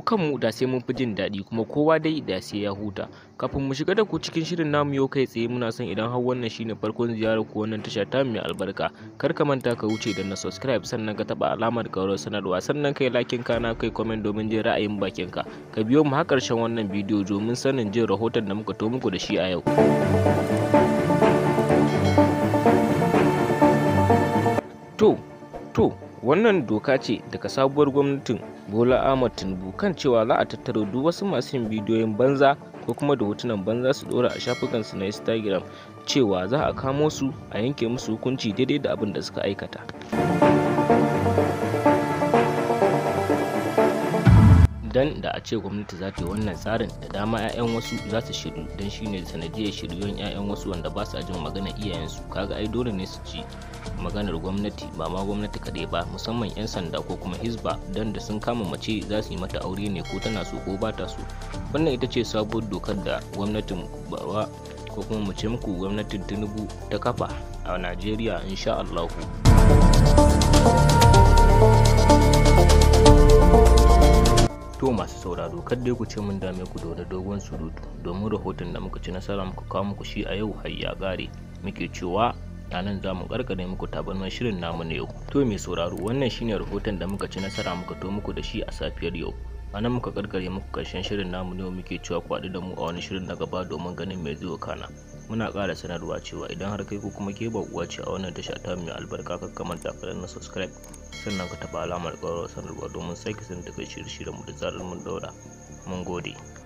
mu kanmu da sai mun fi jin daɗi kuma kowa dai da sai ya huta kafin mu shiga da ku cikin shirin namu yau kai tsaye muna son idan har wannan shine farkon ziyarar ku wannan tasha ta mai albarka kar ka manta ka wuce da na subscribe sannan ka taba alamar kaurar sanarwa sannan kai lakin kana kai comment domin jin ra'ayin bakin ka ka biyo mu har karshen wannan bidiyo domin sanin jin rahoton da muka to muku da shi a yau to To, wannan doka ce daga sabuwar gwamnatin Bola Ahmad Tinubu kan cewa za a tattaro duk wasu masu yin bidiyoyin banza ko kuma da hotunan banza su dora a shafukansu na Instagram cewa za a kamo su a yanke musu hukunci daidai da abin da suka aikata. dan da a ce gwamnati za ta yi wannan tsarin da dama 'ya'yan wasu za su shiru don shine sanadiyar shiryuwan 'ya'yan wasu wanda ba su jin magana iyayensu kaga ai dole ne su ci maganar gwamnati ba ma gwamnati kaɗai ba musamman 'yan sanda ko kuma hisba don da sun kama mace za su yi mata aure ne ko tana so ko ba ta so wannan ita ce sabuwar dokar da gwamnatin bawa ko kuma mu muku gwamnatin tinubu ta kafa a najeriya insha allahu to masu sauraro kar dai ku ce mun dame ku da dogon surutu domin rahoton da muka ci nasara muka kawo muku shi a yau har gare muke cewa a nan za mu karkare muku tabarmar shirin namu na yau to mai sauraro wannan shine rahoton da muka ci nasara muka to muku da shi a safiyar yau a nan muka karkare muku karshen shirin namu ne muke cewa ku da mu a wani shirin na gaba domin ganin mai zuwa kana muna ƙara sanarwa cewa idan har kai ko kuma ke ba uwa ce a wannan tasha ta mai albarka ka kamanta ka na subscribe sannan ka taɓa alamar ƙwarar sanarwa domin sake san da kai shirye-shiryen mu da zarar mun daura mun gode